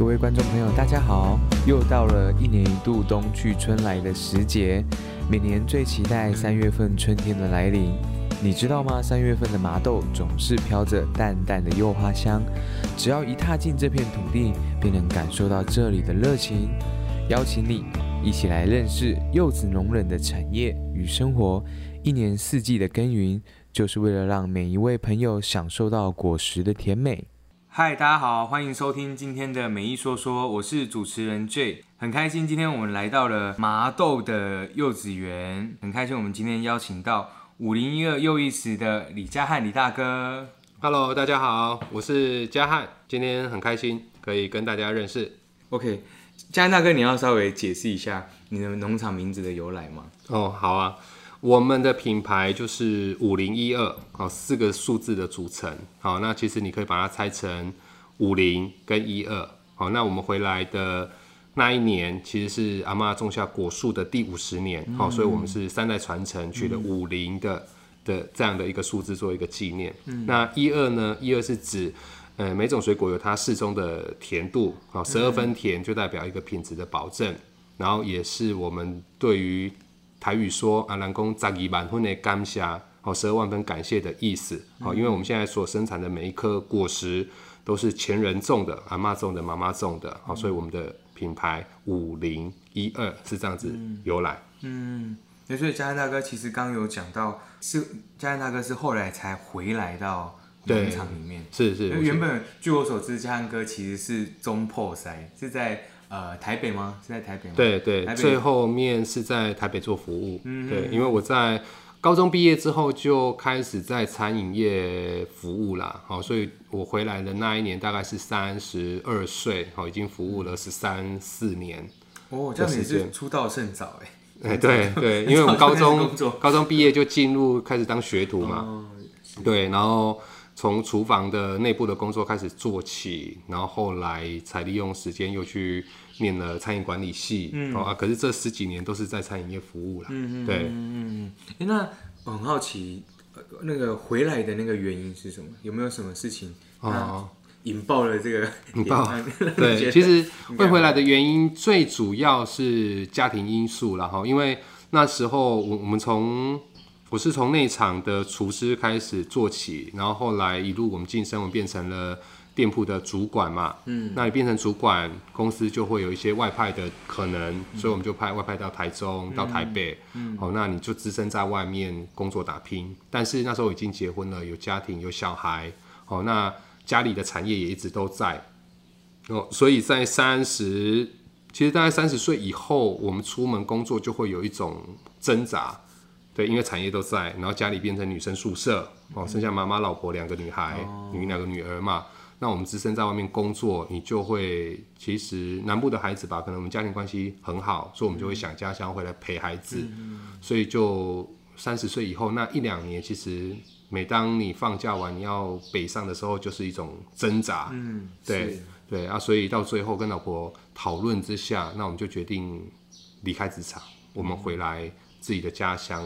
各位觀眾朋友，大家好！又到了一年一度冬去春來的時節，每年最期待三月份春天的來臨。你知道嗎？三月份的麻豆總是飄着淡淡的柚花香，只要一踏進這片土地，便能感受到這裡的熱情。邀請你一起來認識柚子農人的產業與生活，一年四季的耕耘，就是為了讓每一位朋友享受到果實的甜美。嗨，Hi, 大家好，歡迎收聽今天的《美意說說》，我是主持人 J，很開心今天我們來到了麻豆的柚子園，很開心我們今天邀請到五零一二柚意思的李佳翰。李大哥。Hello，大家好，我是佳翰。今天很開心可以跟大家認識。OK，佳翰大哥，你要稍微解釋一下你的農場名字的由來嗎？哦，oh, 好啊。我們的品牌就是五零一二，好，四個數字的組成，好、哦，那其實你可以把它拆成五零跟一二，好，那我們回來的那一年其實是阿嬤種下果樹的第五十年，好、嗯哦，所以我們是三代傳承取的五零的、嗯、的這樣的一個數字做一個紀念，嗯、那一二呢，一二是指呃每種水果有它適中的甜度，好、哦，十二分甜就代表一個品質的保證，嗯、然後也是我們對於台語說阿南公十二萬分的感謝，好，十二萬分感謝的意思。好、嗯哼，因為我們現在所生產的每一顆果實，都是前人種的，阿媽種的，媽媽種的，好、嗯哼，所以我們的品牌五零一二是這樣子由來。嗯，那、嗯、所以佳翰大哥其實剛有講到，是佳翰大哥是後來才回來到農場裡面，對是是。原本我是據我所知，佳翰哥其實是中破塞，是在。呃，台北嗎？是在台北嗎？對對，北最後面是在台北做服務。嗯、哼對，因為我在高中畢業之後就開始在餐飲業服務啦。好、哦，所以我回來的那一年大概是三十二歲，好、哦，已經服務了十三四年。哦，這樣你是出道甚早哎。哎、嗯，對對，因為我高中高中畢業就進入開始當學徒嘛。哦、對，然後。從廚房的內部的工作開始做起，然後後來才利用時間又去念了餐飲管理系、嗯、啊。可是這十幾年都是在餐飲業服務了。嗯、哼對。嗯、欸、那我很好奇，那個回來的那個原因是什麼？有沒有什麼事情、啊、引爆了這個？引爆？ 你覺得，對，其實會回來的原因最主要是家庭因素然後因為那時候我我們從。我是從內場的廚師開始做起，然後後來一路我們晉升，我們變成了店鋪的主管嘛。嗯，那你變成主管，公司就會有一些外派的可能，所以我們就派外派到台中、嗯、到台北。嗯，好、哦，那你就只身在外面工作打拼。但是那時候已經結婚了，有家庭，有小孩。好、哦，那家裡的產業也一直都在。哦，所以在三十，其實大概三十歲以後，我們出門工作就會有一種掙扎。對，因為產業都在，然後家裡變成女生宿舍 Okay. 哦，剩下媽媽、老婆兩個女孩，女、oh. 兩個女兒嘛。那我們只身在外面工作，你就會其實南部的孩子吧，可能我們家庭關係很好，所以我們就會想家鄉回來陪孩子。Mm. 所以就三十歲以後那一兩年，其實每當你放假完你要北上的時候，就是一種掙扎。Mm. 對是對啊，所以到最後跟老婆討論之下，那我們就決定離開職場，mm. 我們回來自己的家鄉。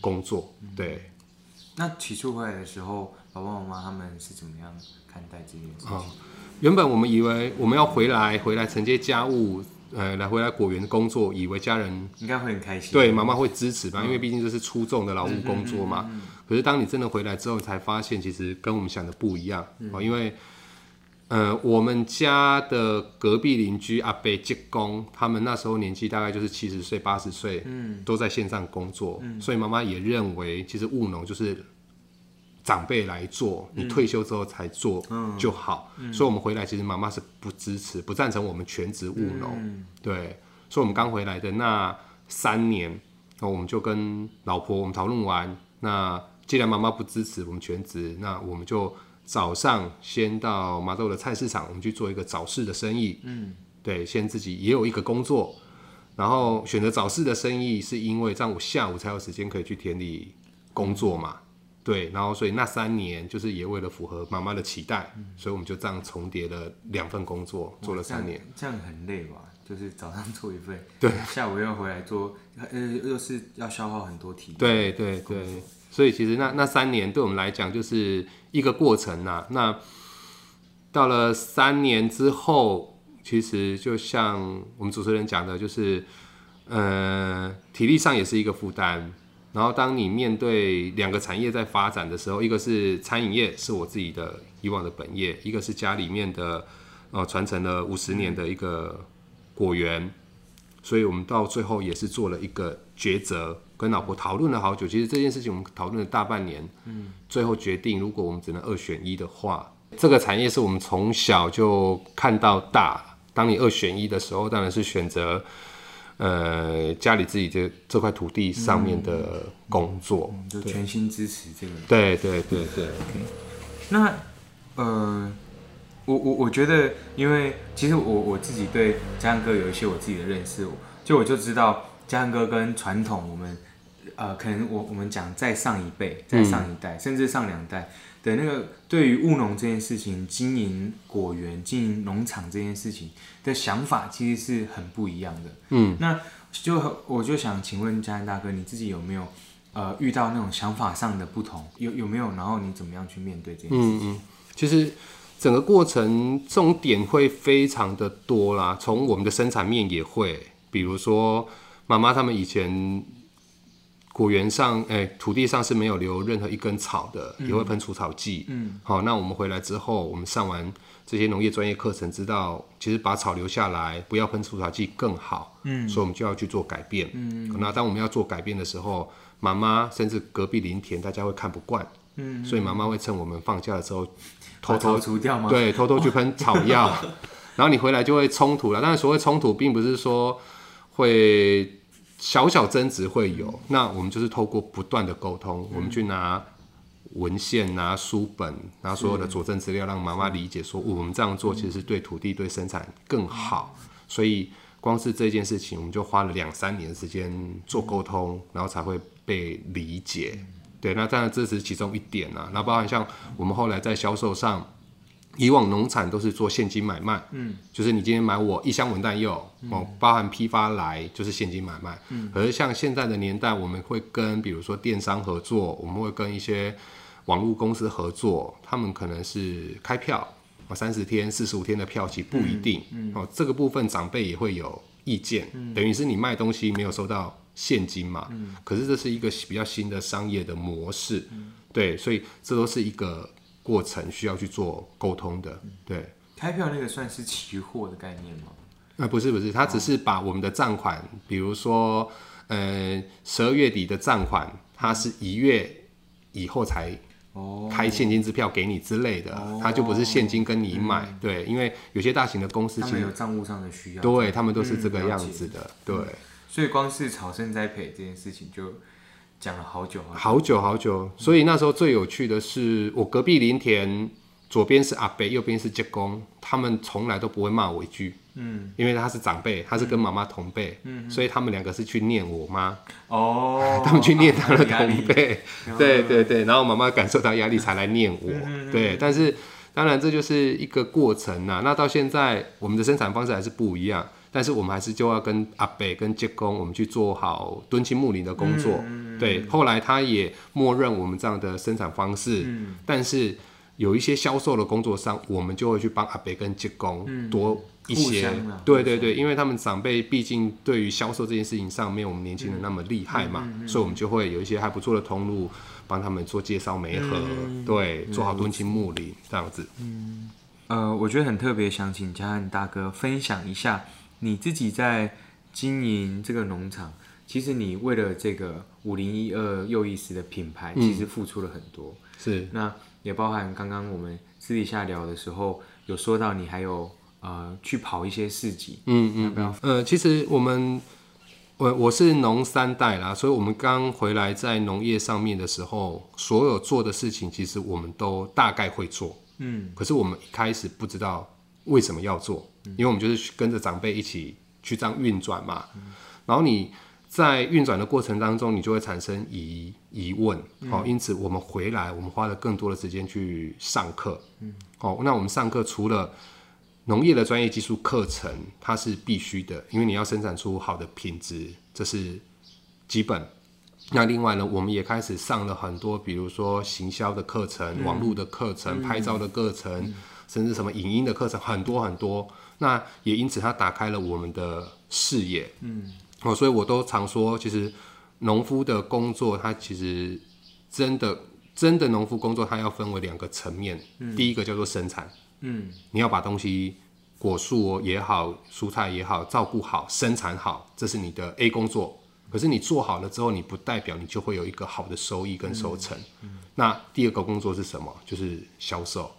工作對、嗯，那起初回來的時候，爸爸媽媽他們是怎麼樣看待這件事？哦、原本我們以為我們要回來，回來承接家務，呃，來回來果園工作，以為家人應該會很開心，對，媽媽會支持吧，嗯，因為畢竟這是出眾的勞務工作嘛。嗯嗯嗯嗯、可是當你真的回來之後，才發現其實跟我們想的不一樣。嗯、哦，因為。呃，我們家的隔壁鄰居阿伯吉工，他們那時候年紀大概就是七十歲、八十歲，嗯，都在線上工作，嗯、所以媽媽也認為，其實務農就是長輩來做，嗯、你退休之後才做就好。哦、所以我們回來，其實媽媽是不支持、不贊成我們全職務農。嗯、對，所以我們剛回來的那三年，那我們就跟老婆我們討論完，那既然媽媽不支持我們全職，那我們就。早上先到麻豆的菜市場，我們去做一個早市的生意。嗯，對，先自己也有一個工作，然後選擇早市的生意，是因為這樣我下午才有時間可以去田裡工作嘛。嗯、對，然後所以那三年就是也為了符合媽媽的期待，嗯、所以我們就這樣重疊了兩份工作，做了三年這。這樣很累吧？就是早上做一份，對，下午又要回來做，呃，又是要消耗很多體力對。對對對。所以其實那那三年對我們來講就是一個過程吶、啊。那到了三年之後，其實就像我們主持人講的，就是呃，體力上也是一個負擔。然後當你面對兩個產業在發展的時候，一個是餐飲業是我自己的以往的本業，一個是家裡面的呃傳承了五十年的一個果園。所以我們到最後也是做了一個抉擇。跟老婆討論了好久，其實這件事情我們討論了大半年，嗯，最後決定，如果我們只能二選一的話，這個產業是我們從小就看到大。當你二選一的時候，當然是選擇，呃，家裡自己這這塊土地上面的工作，嗯嗯嗯、就全心支持這個。對，對對對對。Okay. 那，嗯、呃，我我我覺得，因為其實我我自己對佳翰哥有一些我自己的認識，就我就知道佳翰哥跟傳統我們。呃，可能我我們講再上一輩、再上一代，嗯、甚至上兩代的那個對於務農這件事情、經營果園、經營農場這件事情的想法，其實是很不一樣的。嗯，那就我就想請問佳翰大哥，你自己有沒有呃遇到那種想法上的不同？有有沒有？然後你怎麼樣去面對這件事情？嗯，嗯，其實整個過程重點會非常的多啦，從我們的生產面也會，比如說媽媽他們以前。果園上，哎、欸，土地上是沒有留任何一根草的，嗯、也會噴除草劑。嗯，好，那我們回來之後，我們上完這些農業專業課程，知道其實把草留下來，不要噴除草劑更好。嗯，所以我們就要去做改變。嗯，那當我們要做改變的時候，媽媽甚至隔壁林田，大家會看不慣。嗯，所以媽媽會趁我們放假的時候，偷偷除掉嗎？對，偷偷去噴草藥，哦、然後你回來就會衝突了。但是所謂衝突，並不是說會。小小爭執會有，那我們就是透過不斷的溝通，嗯、我們去拿文獻、拿書本、拿所有的佐證資料，讓媽媽理解說、嗯哦，我們這樣做其實是對土地、嗯、對生產更好。所以，光是這件事情，我們就花了兩三年時間做溝通，嗯、然後才會被理解。對，那當然這是其中一點啊，那包含像我們後來在銷售上。以往農產都是做現金買賣，嗯、就是你今天買我一箱文旦柚，哦、嗯，包含批發來就是現金買賣，而、嗯、可是像現在的年代，我們會跟比如說電商合作，我們會跟一些網絡公司合作，他們可能是開票，三十天、四十五天的票期不一定，嗯嗯哦、這個部分長輩也會有意見，嗯、等於是你賣東西沒有收到現金嘛，嗯、可是這是一個比較新的商業的模式，嗯、對，所以這都是一個。過程需要去做溝通的，對。開票那個算是期貨的概念嗎？啊、呃，不是不是，他只是把我們的賬款，哦、比如說，嗯、呃，十二月底的賬款，他是一月以後才開現金支票給你之類的，他、哦、就不是現金跟你買，哦、對，因為有些大型的公司其實他們有賬務上的需要，對，他們都是這個樣子的，嗯、對、嗯。所以，光是草生栽培這件事情就。講了好久啊，好久好久。嗯、所以那時候最有趣的是，嗯、我隔壁林田左邊是阿伯，右邊是結公，他們從來都不會罵我一句。嗯，因為他是長輩，他是跟媽媽同輩，嗯、所以他們兩個是去念我媽。哦，他們去念他的同輩。哦，啊，那個、 對對對，然後媽媽感受到壓力才來念我。嗯、對，但是當然這就是一個過程吶、啊。那到現在我們的生產方式還是不一樣，但是我們還是就要跟阿伯跟結公，我們去做好敦親睦鄰的工作。嗯對，後來他也默認我們這樣的生產方式，嗯、但是有一些銷售的工作上，我們就會去幫阿伯跟技工多一些。嗯、對對對，相因為他們長輩畢竟對於銷售這件事情上面，沒有我們年輕人那麼厲害嘛，嗯嗯嗯嗯、所以我們就會有一些還不錯的通路，幫他們做介紹媒合，嗯、對，做好敦親睦鄰這樣子。嗯，呃，我覺得很特別，想請佳翰大哥分享一下你自己在經營這個農場。其實你為了這個五零一二柚意思的品牌，其實付出了很多。嗯。是，那也包含剛剛我們私底下聊的時候，有說到你還有呃去跑一些市集。嗯嗯。呃，其實我們我我是農三代啦，所以我們剛回來在農業上面的時候，所有做的事情其實我們都大概會做。嗯。可是我們一開始不知道為什麼要做，嗯、因為我們就是跟着長輩一起去這樣運轉嘛。嗯、然後你。在運轉的過程當中，你就會產生疑疑問，好、嗯哦，因此我們回來，我們花了更多的時間去上課，嗯，好、哦，那我們上課除了農業的專業技術課程，它是必須的，因為你要生產出好的品質，這是基本。那另外呢，我們也開始上了很多，比如說行銷的課程、網絡的課程、嗯、拍照的課程，嗯、甚至什麼影音的課程，很多很多。嗯、那也因此，它打開了我們的視野，嗯。哦，所以我都常說，其實農夫的工作，它其實真的真的農夫工作，它要分為兩個層面。第一個叫做生產，嗯，你要把東西果樹也好，蔬菜也好，照顧好，生產好，這是你的 A 工作。可是你做好了之後，你不代表你就會有一個好的收益跟收成。那第二個工作是什麼？就是銷售，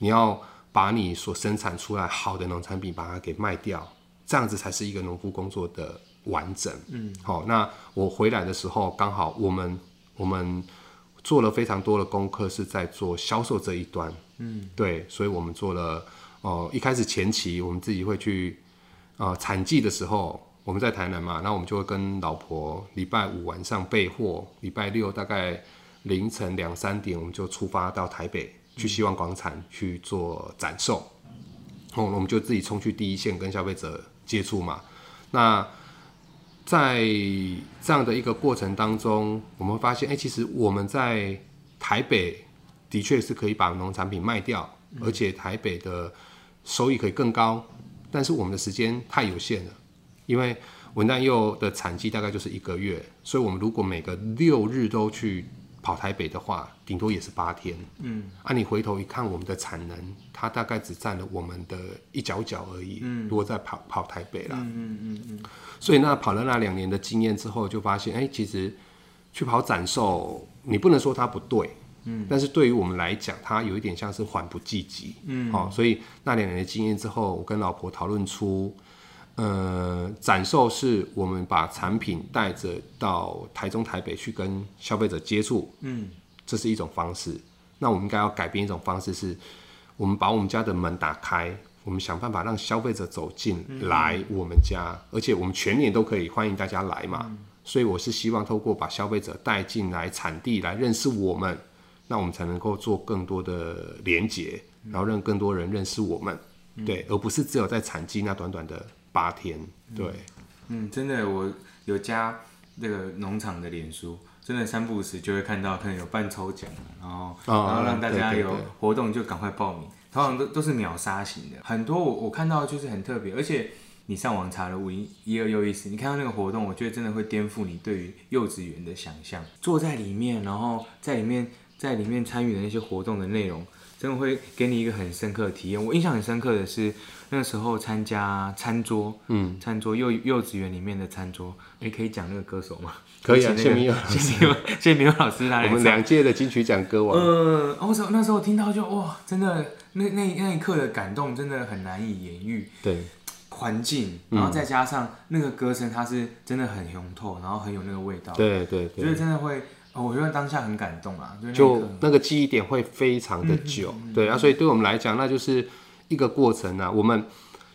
你要把你所生產出來好的農產品，把它給賣掉，這樣子才是一個農夫工作的完整，嗯，好、哦，那我回來的時候剛好，我們我們做了非常多的功課，是在做銷售這一端，嗯，對，所以，我們做了，哦、呃，一開始前期，我們自己會去，呃，產季的時候，我們在台南嘛，那我們就會跟老婆禮拜五晚上備貨，禮拜六大概凌晨兩三點，我們就出發到台北去希望廣場去做展售，嗯、哦，然後我們就自己衝去第一線跟消費者接觸嘛，那。在這樣的一個過程當中，我們發現，哎、欸，其實我們在台北的確是可以把農產品賣掉，而且台北的收益可以更高，但是我們的時間太有限了，因為文旦柚的產季大概就是一個月，所以我們如果每個六日都去。跑台北的話，頂多也是八天。嗯啊，你回頭一看，我們的產能，它大概只占了我們的一角角而已。嗯，如果再跑跑台北啦，嗯嗯嗯。所以那跑了那兩年的經驗之後，就發現，哎，其實去跑展售，你不能說它不對。嗯，但是對於我們來講，它有一點像是緩不濟急。嗯，好，哦，所以那兩年的經驗之後，我跟老婆討論出。呃，展售是我們把產品帶着到台中、台北去跟消費者接觸，嗯，這是一種方式。那我們應該要改變一種方式，是我們把我們家的門打開，我們想辦法讓消費者走進來我們家，嗯嗯，而且我們全年都可以歡迎大家來嘛。嗯、所以我是希望透過把消費者帶進來產地來認識我們，那我們才能夠做更多的連結，然後讓更多人認識我們，嗯、對，而不是只有在產季那短短的。八天，對嗯，嗯，真的，我有加那個農場的臉書，真的三不時就會看到，可能有辦抽獎、啊、然後，哦、然後讓大家有活動就趕快報名，對對對，通常都都是秒殺型的，很多我我看到就是很特別，而且你上網查了5012柚意思，你看到那個活動，我覺得真的會顛覆你對於柚子園的想象，坐在裡面，然後在裡面，在裡面參與的那些活動的內容。嗯真的會給你一個很深刻的體驗。我印象很深刻的是，那時候參加餐桌，嗯，餐桌幼幼稚園裡面的餐桌，你、欸、可以講那個歌手嗎？可以啊，謝銘祐老師，謝銘祐老師，我們兩屆的金曲獎歌王。嗯、呃，我、哦、那時候聽到就哇，真的那那那一刻的感動真的很難以言喻。對，環境，然後再加上那個歌聲，它是真的很渾厚，然後很有那個味道。對對，所以真的會。哦、我覺得當下很感動啊，就那個，就那個記憶點會非常的久，嗯、哼對、嗯嗯、啊，所以對我們來講，那就是一個過程啊。我們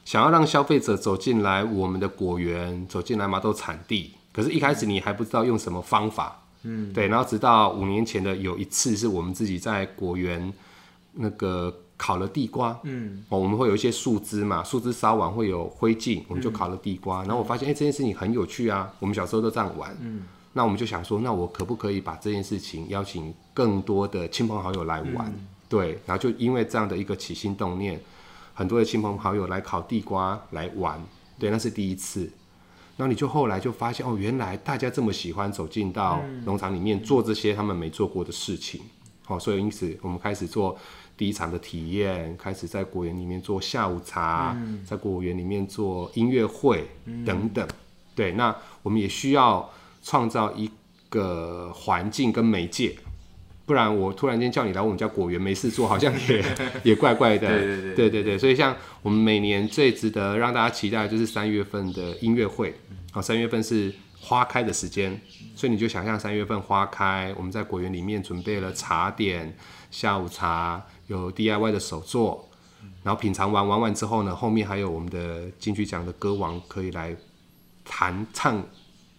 想要讓消費者走進來我們的果園，走進來麻豆產地，可是一開始你還不知道用什麼方法，嗯，對，然後直到五年前的有一次，是我們自己在果園那個烤了地瓜，嗯、喔，我們會有一些樹枝嘛，樹枝燒完會有灰燼，我們就烤了地瓜，嗯、然後我發現，哎、欸，這件事情很有趣啊，我們小時候都這樣玩，嗯。那我們就想說，那我可不可以把這件事情邀請更多的親朋好友來玩？嗯、對，然後就因為這樣的一個起心動念，很多的親朋好友來烤地瓜來玩，對，那是第一次。那你就後來就發現哦，原來大家這麼喜歡走進到農場裡面做這些他們沒做過的事情。好、嗯哦，所以因此我們開始做第一場的體驗，開始在果園裡面做下午茶，嗯、在果園裡面做音樂會、嗯、等等。對，那我們也需要。創造一個環境跟媒介，不然我突然間叫你來我們家果園 沒事做，好像也也怪怪的。 對對對對,對,對,對,對，所以像我們每年最值得讓大家期待的就是三月份的音樂會，啊，三月份是花開的時間，所以你就想象三月份花開，我們在果園裡面準備了茶點、下午茶，有 DIY 的手作，然後品嘗完玩完之後呢，後面還有我們的金曲獎的歌王可以來彈唱。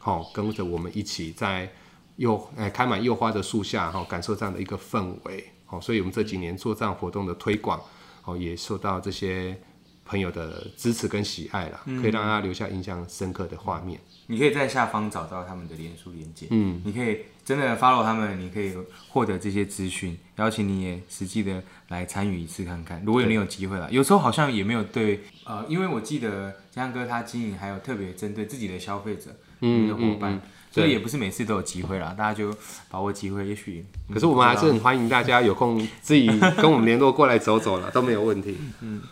哦，跟着我們一起在柚哎、欸、開滿柚花的樹下哈、喔，感受這樣的一個氛圍。哦、喔，所以我們這幾年做這樣活動的推廣，哦、喔，也受到這些朋友的支持跟喜愛了，嗯、可以讓大家留下印象深刻的畫面。你可以在下方找到他們的臉書鏈接，嗯，你可以真的 follow 他們，你可以獲得這些資訊，邀請你也實際的來參與一次看看。如果有你有機會了，對有時候好像也沒有對，呃，因為我記得江哥他經營還有特別針對自己的消費者。嗯，伙、嗯、伴，嗯、所以也不是每次都有機會啦，對大家就把握機會也、嗯，也許。可是我們還是很歡迎大家有空自己跟我們聯絡過來走走啦， 都沒有問題。嗯，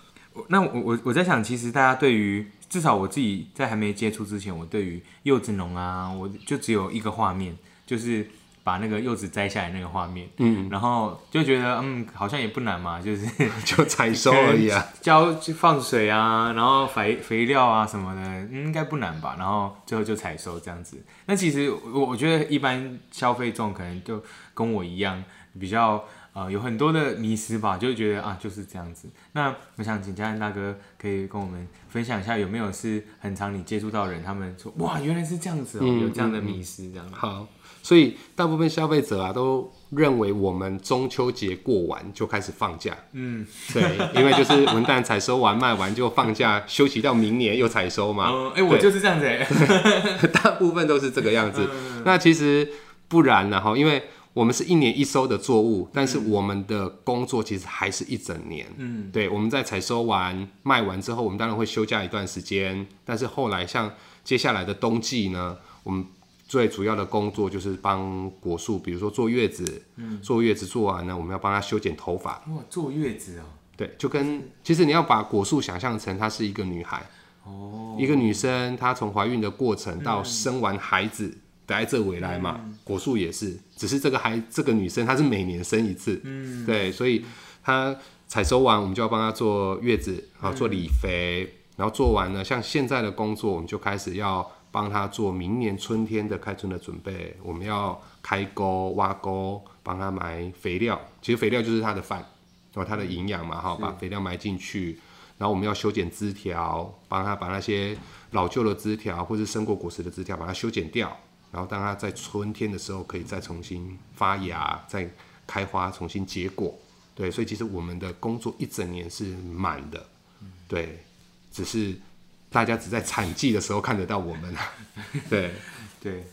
那我我我在想，其實大家對於至少我自己在還沒接觸之前，我對於柚子農啊，我就只有一個畫面，就是。把那個柚子摘下來的那個畫面，嗯，然後就覺得，嗯，好像也不難嘛，就是就採收而已啊，澆放水啊，然後肥肥料啊什麼的，嗯、應該不難吧，然後最後就採收這樣子。那其實我我覺得一般消費眾可能就跟我一樣，比較呃有很多的迷思吧，就覺得啊就是這樣子。那我想請佳翰大哥可以跟我們分享一下，有沒有是很常你接觸到人，他們說哇原來是這樣子哦、喔，嗯、有這樣的迷思這樣子、嗯嗯。好。所以大部分消費者啊都認為我們中秋節過完就開始放假。嗯，對，因為就是文旦採收完，賣完就放假休息到明年又採收嘛。嗯，哎，我就是這樣子，大部分都是這個樣子。那其實不然，然後因為我們是一年一收的作物，但是我們的工作其實還是一整年。嗯，對，我們在採收完，賣完之後，我們當然會休假一段時間。但是後來像接下來的冬季呢，我們最主要的工作就是幫果樹，比如說坐月子，坐、嗯、月子做完呢，我們要幫她修剪頭髮。哇、哦，坐月子哦？對，就跟是其實你要把果樹想象成她是一個女孩，哦，一個女生，她從懷孕的過程到生完孩子待在、嗯、這回來嘛，嗯、果樹也是，只是這個孩這個女生她是每年生一次，嗯，對，所以她採收完，我們就要幫她坐月子，啊，做理肥，嗯、然後做完了，像現在的工作，我們就開始要。幫他做明年春天的開春的準備，我們要開溝、挖溝，幫他埋肥料。其實肥料就是他的飯，哦，他的營養嘛，哈，是把肥料埋進去，然後我們要修剪枝條，幫他把那些老舊的枝條或者是生過果實的枝條把它修剪掉，然後當他在春天的時候可以再重新發芽、再開花、重新結果。對，所以其實我們的工作一整年是滿的，對，嗯、只是。大家只在產季的時候看得到我們 對對，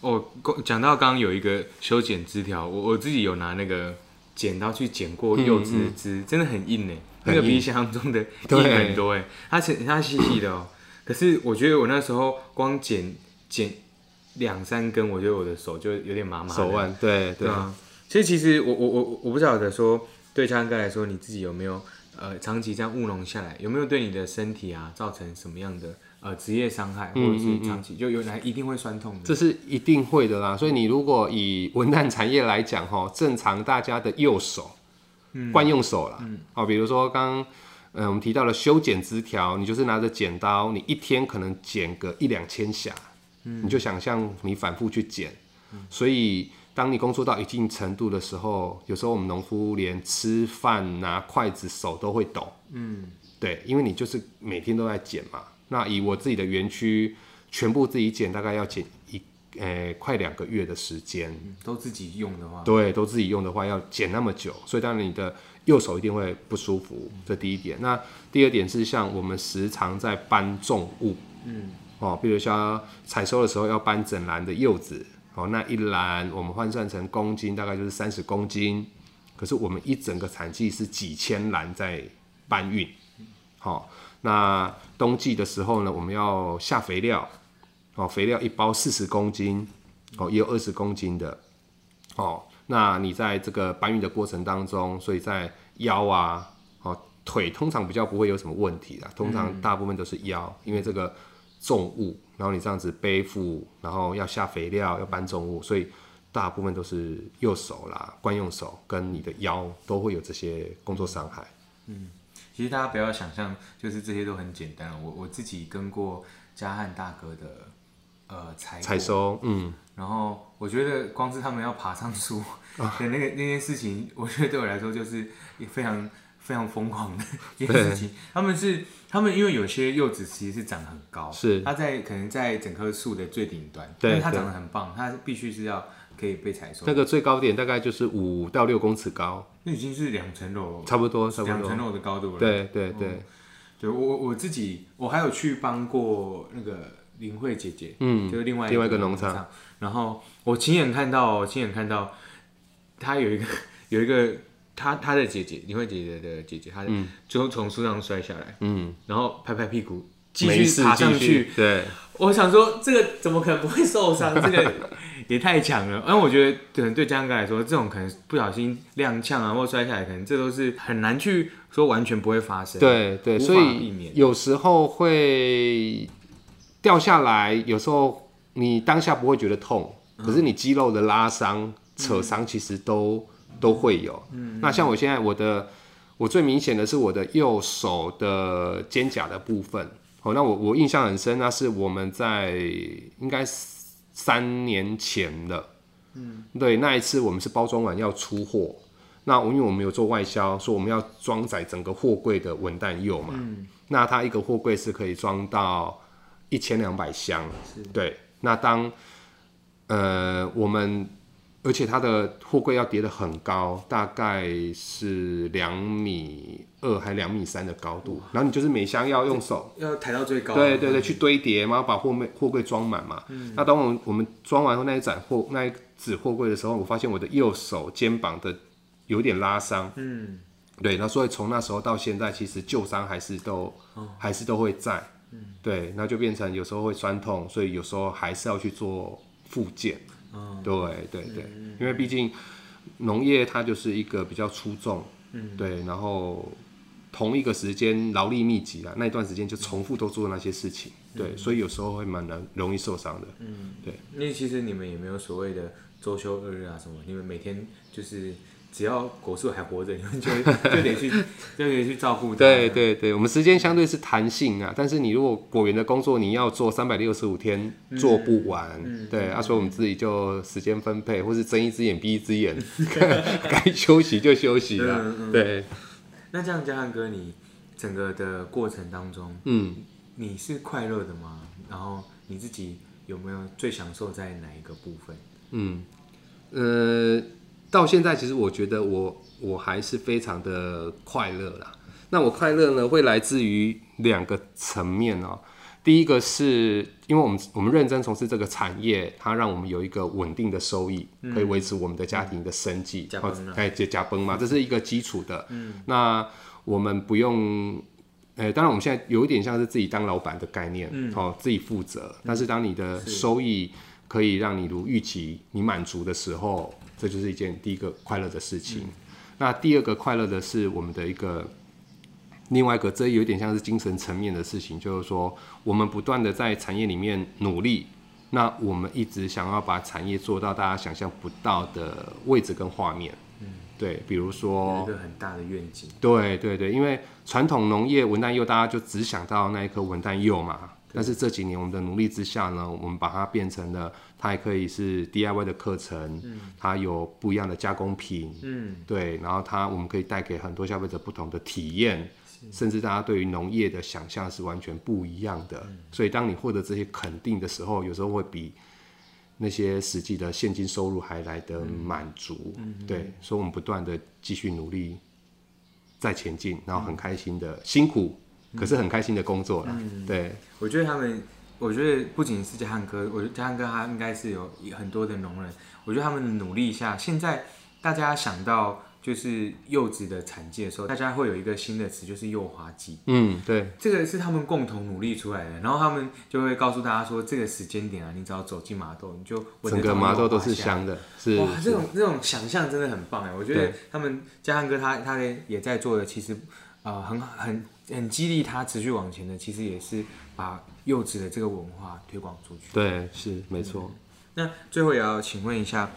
哦，講到剛剛有一個修剪枝條，我我自己有拿那個剪刀去剪過柚枝枝、嗯嗯、枝，真的很硬呢。硬那個比想象中的硬很多哎對，它它細細的哦、喔， 可是我覺得我那時候光剪剪兩三根，我覺得我的手就有點麻麻，手腕對對啊，其實其實我我我我不曉得說，對昌哥來說，你自己有沒有？呃，長期這樣務農下來，有沒有對你的身體啊造成什麼樣的呃職業傷害，或者是長期就原來一定會痠痛的、嗯嗯嗯？這是一定會的啦。所以你如果以文旦產業來講，齁，正常大家的右手，慣、嗯、用手啦。哦、嗯，比如說剛剛呃我們提到了修剪枝條，你就是拿着剪刀，你一天可能剪個一兩千下，嗯、你就想象你反覆去剪，所以。當你工作到一定程度的時候，有時候我們農夫連吃飯、拿筷子手都會抖。嗯，對，因為你就是每天都在剪嘛。那以我自己的園區，全部自己剪，大概要剪一呃、欸、快兩個月的時間、嗯。都自己用的話？對，都自己用的話要剪那麼久，所以當然你的右手一定會不舒服，嗯、這第一點。那第二點是像我們時常在搬重物，嗯，哦，比如像採收的時候要搬整籃的柚子。好、哦，那一籃我們換算成公斤，大概就是三十公斤。可是我們一整個產季是幾千籃在搬運。好、哦，那冬季的時候呢，我們要下肥料。哦，肥料一包四十公斤，哦，也有二十公斤的。哦，那你在這個搬運的過程當中，所以在腰啊，哦，腿通常比較不會有什麼問題啊，通常大部分都是腰，嗯、因為這個。重物，然後你這樣子背負，然後要下肥料，要搬重物，所以大部分都是右手啦，慣用手跟你的腰都會有這些工作傷害。嗯，其實大家不要想象，就是這些都很簡單。我我自己跟過佳翰大哥的，呃，採採收，嗯，然後我覺得光是他們要爬上樹的、啊、那個那件事情，我覺得對我來說就是也非常非常瘋狂的一件事情，對，他們是他們因為有些柚子其實是長得很高，是它在可能在整棵樹的最頂端，因為它長得很棒，它必須是要可以被採收。那個最高點大概就是五到六公尺高，那已經是兩層樓，差不多，差不多兩層樓的高度了。對對對，對，對，嗯，就我我自己，我還有去幫過那個林慧姐姐，嗯，就是另外另外一個農場，農場，然後我親眼看到，親眼看到，他有一個有一個。他他的姐姐，李慧姐姐的姐姐，他、嗯、就從樹上摔下來，嗯，然後拍拍屁股繼續爬上去。對，我想說這個怎麼可能不會受傷？ 這個也太強了。因為我覺得可能對，對江哥來說，這種可能不小心踉蹌啊，或摔下來，可能這都是很難去說完全不會發生。對對，對，所以避免有時候會掉下來，有時候你當下不會覺得痛，嗯、可是你肌肉的拉傷、扯傷其實都。嗯都會有，嗯，那像我現在我的，我最明顯的是我的右手的肩胛的部分，好、哦，那我我印象很深，那是我們在應該三年前了，嗯，對，那一次我們是包裝完要出貨，那因為我們有做外銷，說我們要裝載整個貨櫃的文旦柚嘛，嗯，那它一個貨櫃是可以裝到一千兩百箱，是對，那當，呃，我們。而且它的貨櫃要疊得很高，大概是兩米二還兩米三的高度，哇然後你就是每箱要用手要抬到最高的對，對對對，對，去堆疊然後把貨面貨櫃裝滿嘛。嗯、那當我們我們裝完後那一整貨那一整貨櫃的時候，我發現我的右手肩膀的有點拉傷。嗯，對，那所以從那時候到現在，其實舊傷還是都還是都會在。哦、嗯，對，那就變成有時候會酸痛，所以有時候還是要去做復健。對對、哦、對，對對是因為畢竟農業它就是一個比較粗重，嗯、對，然後同一個時間勞力密集啊，那一段時間，就重複都做那些事情，嗯、對，所以有時候會蠻難，容易受傷的，嗯，對。那其實你們也沒有所謂的周休二日啊什麼，你們每天就是。只要果樹還活着，你就就得去，就得去照顧它。 對對對，我們時間相對是彈性啊。但是你如果果園的工作，你要做三百六十五天，嗯，做不完，嗯、對、嗯啊，所以我們自己就時間分配，或是睜一隻眼閉一隻眼， 該休息就休息了，啊。對。嗯、對，那這樣，佳翰哥，你整個的過程當中，嗯，你是快樂的嗎？然後你自己有沒有最享受在哪一個部分？嗯，呃。到現在，其實我覺得我我還是非常的快樂啦。那我快樂呢，會來自於兩個層面哦、喔。第一個是因為我們我們認真從事這個產業，它讓我們有一個穩定的收益，嗯、可以維持我們的家庭的生計，或者哎，這家崩嘛，這是一個基礎的。嗯，那我們不用、欸，當然我們現在有一點像是自己當老闆的概念，嗯、哦，自己負責。但是當你的收益可以讓你如預期、你滿足的時候。嗯這就是一件第一個快樂的事情，嗯、那第二個快樂的是我們的一個，另外一個，這有點像是精神層面的事情，就是說我們不斷的在產業裡面努力，那我們一直想要把產業做到大家想象不到的位置跟畫面，嗯，對，比如說一、嗯那個很大的願景，對，對對對，因為傳統農業文旦柚，大家就只想到那一顆文旦柚嘛。但是這幾年我們的努力之下呢，我們把它變成了，它還可以是 DIY 的課程，是它有不一樣的加工品，嗯是，對，然後它我們可以帶給很多消費者不同的體驗，是甚至大家對於農業的想象是完全不一樣的。是所以當你獲得這些肯定的時候，有時候會比那些實際的現金收入還來得滿足。嗯、對，所以我們不斷地繼續努力，再前進，然後很開心的、嗯、辛苦。可是很開心的工作了，嗯嗯、對，我覺得他們，我覺得不僅是佳翰哥，我覺得佳翰哥他應該是有很多的農人，我覺得他們努力一下，現在大家想到就是柚子的產季的時候，大家會有一個新的詞，就是柚花季。嗯，對，這個是他們共同努力出來的，然後他們就會告訴大家說，這個時間點啊，你只要走進麻豆，你就整個麻豆都是香的，是哇，是這種是這種想象真的很棒哎，我覺得他們佳翰對哥他他也在做的，其實很、呃、很。很很激勵他持續往前的，其實也是把柚子的這個文化推廣出去。對，是沒錯，嗯。那最後也要請問一下，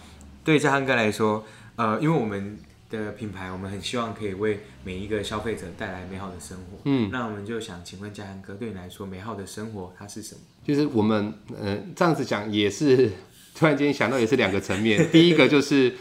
對佳翰哥來說，呃，因為我們的品牌，我們很希望可以為每一個消費者帶來美好的生活。嗯，那我們就想請問佳翰哥，對你來說，美好的生活它是什麼？就是我們，呃，這樣子講也是，突然間想到也是兩個層面。 第一個就是，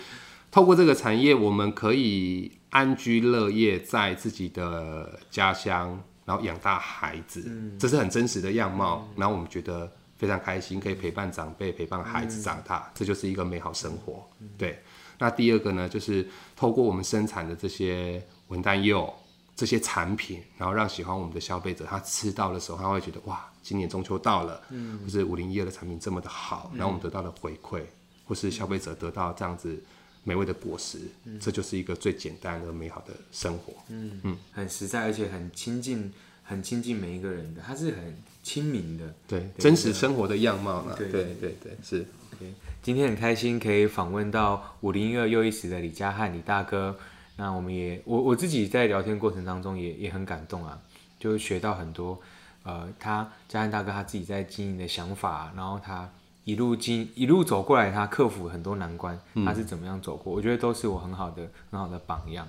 透過這個產業，我們可以。安居樂業，在自己的家鄉，然後養大孩子，嗯、這是很真實的樣貌。嗯、然後我們覺得非常開心，可以陪伴長輩，嗯、陪伴孩子長大，嗯、這就是一個美好生活。嗯、對。那第二個呢，就是透過我們生產的這些文旦柚這些產品，然後讓喜歡我們的消費者，他吃到的時候，他會覺得哇，今年中秋到了，嗯，就是五零一二的產品這麼的好，嗯、然後我們得到了回饋，嗯、或是消費者得到這樣子，美味的果實，這就是一個最簡單而美好的生活。嗯嗯，嗯，很實在，而且很親近，很親近每一個人的，他是很親民的。對，對對真實生活的樣貌嘛。對對，對對對，對對對對是。Okay. 今天很開心可以訪問到五零一二柚意思的李佳翰李大哥。那我們也我我自己在聊天過程當中也也很感動啊，就學到很多。呃、他佳翰大哥他自己在經營的想法，然後他。一路經，一路走過來，他克服很多難關，他是怎麼樣走過？嗯、我覺得都是我很好的、很好的榜樣。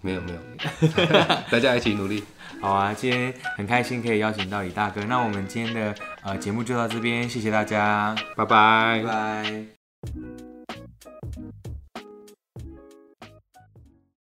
沒有沒有，沒有沒有 大家一起努力。好啊，今天很開心可以邀請到李大哥，那我們今天的呃節目就到這邊，謝謝大家，拜拜拜拜。Bye bye